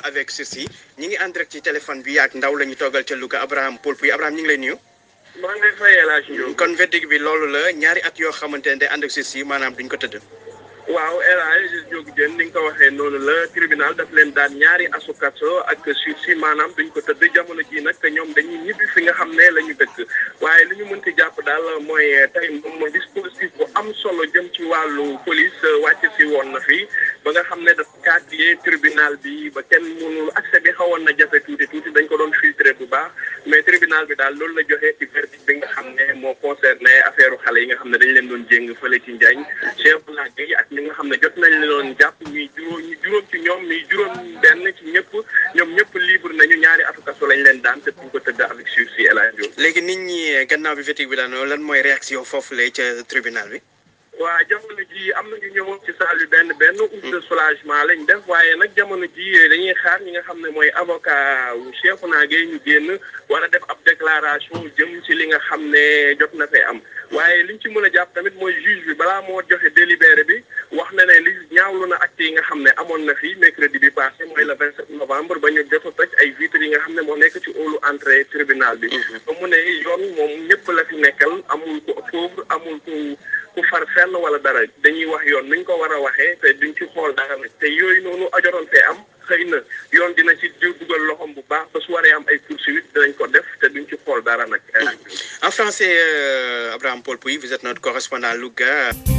temps avec ceci ñi ngi en direct ci téléphone bi yaag ndaw la ñu toogal ca Louga Abraham Poul Pouy Abraham ñu ngi lay nuyu. maa ngi lay kon verdict bi loolu la ñaari at yoo xamante ne day ànd ak ceci maanaam duñ ko tëdd. waaw El joog Diop Diène ni nga ko waxee noonu la tribunal daf leen daan ñaari asukaso ak si maanaam dañ ko tëdd jamono ji nag ñoom dañuy ñibbi fi nga xam ne la ñu dëkk waaye li ñu mënti jàpp daal mooy eh, tey moom dispositif bu am solo jëm ci wàllu police eh, wàcc si woon na fi ba nga xam ne daf cadre tribunal bi ba kenn mënul accès bi xawoon na jafe tuuti tuuti baax mais tribunal bi daal loolu la joxee ci verdict bi nga xam ne moo concerné affaire xale yi nga xam ne dañ leen doon jéng fële ci Njaañ Cheikh Oula Gueye ak ñi nga xam ne jot nañ leen doon jàpp ñuy juróom ñu juróom ci ñoom ñuy juróom benn ci ñëpp ñoom ñëpp libre nañu ñaari atu kaso lañ leen daan te ko tëdd avec sursis El léegi nit ñi gannaaw bi verdict bi daanoo lan mooy réaction foofu lay ca tribunal bi. waa jamono ji am na ñu ñëwoon ci salle benn benn mm. ouf de soulagement lañ def waaye nag jamono ji dañuy xaar ñi nga xam ne mooy avocat wu Cheikhouna Gaye ñu génn war a def ab déclaration jëm ci li nga xam ne jot na fee am waaye ñu ci mën a jàpp tamit mooy juge bi balaa moo joxe délibéré bi wax na ne li ñaawlu na ak yi nga xam ne amoon na fii mercredi bi passé mooy le 27 novembre ba ñu jot a toj ay vitres yi nga xam ne moo nekk ci óolu entrée tribunal bi. Mhm. ba mu ne yoon moom ñëpp la fi nekkal amul ko pauvre amul ko ku far fenn wala dara dañuy wax yoon nuñ ko war a waxee te duñ ci xool dara nag te yooyu noonu ajaroon fee am xëy na yoon dina ci dugal loxoom. En français, euh, Abraham Paul Pouy, vous êtes notre correspondant Louga.